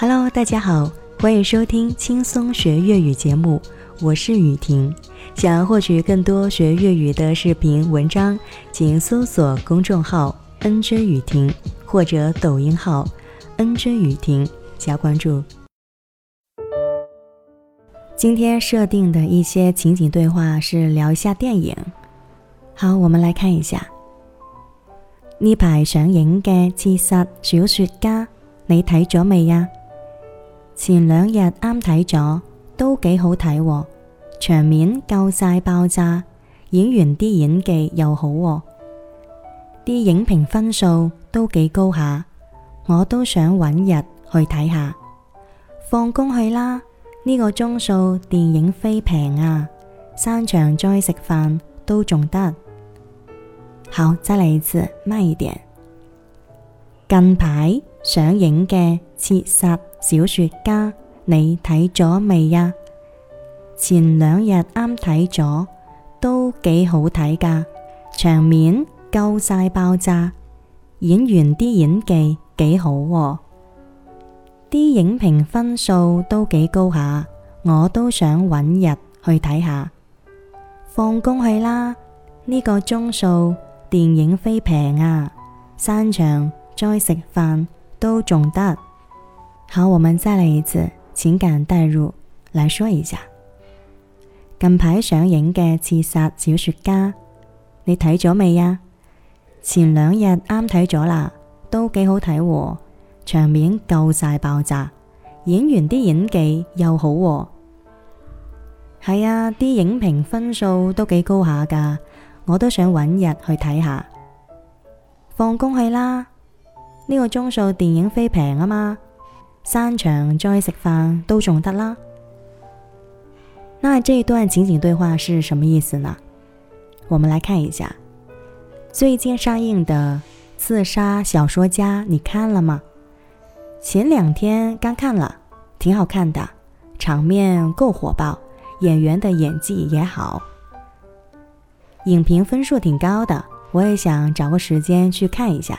Hello，大家好，歡迎收聽輕鬆學粵語節目，我是宇婷。想要獲取更多學粵語的視頻文章，請搜索公眾號 “NJ 宇婷”或者抖音號 “NJ 宇婷”加關注。今天設定的一些情景對話是聊一下電影。好，我們來看一下。呢排上映嘅《刺殺小說家》，你睇咗未呀？前兩日啱睇咗，都幾好睇喎，場面夠晒爆炸，演員啲演技又好喎，啲影評分數都幾高下，我都想揾日去睇下。放工去啦，呢個鐘數電影飛平啊，散場再食飯都仲得。好，再嚟一次，慢一點，近排，上映嘅《刺殺小說家》，你睇咗未呀？前兩日啱睇咗，都幾好睇噶，場面夠晒爆炸，演員啲演技幾好、喎，啲影評分數都幾高下、啊，我都想揾日去睇下。放工去啦，呢個鐘數電影飛平啊，散場再食飯。都仲得好，我們再來一次情感代入來說一下。近排上映嘅《刺殺小說家》，你睇咗未啊？前兩日啱睇咗啦，都幾好睇，場面夠晒爆炸，演員啲演技又好喎。係啊，啲、啊、影評分數都幾高下噶，我都想揾日去睇下。放工去啦。呢個鐘數電影飛平啊嘛，散場再食飯都仲得啦。那這一段情景對話是什麼意思呢？我們來看一下。最近上映的《刺殺小說家》，你看了嗎？前兩天剛看了，挺好看的，場面夠火爆，演員的演技也好，影評分數挺高的，我也想找個時間去看一下。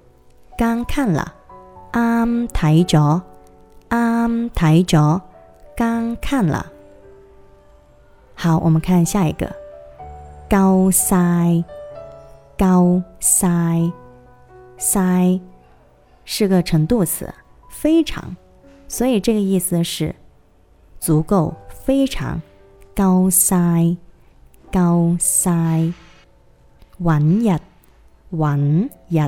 剛看了，啱睇咗，啱睇咗，剛看了。好，我們看下一個，夠晒，夠晒，晒，是個程度詞，非常，所以這個意思是足夠，非常，夠晒，夠晒，揾日，揾日。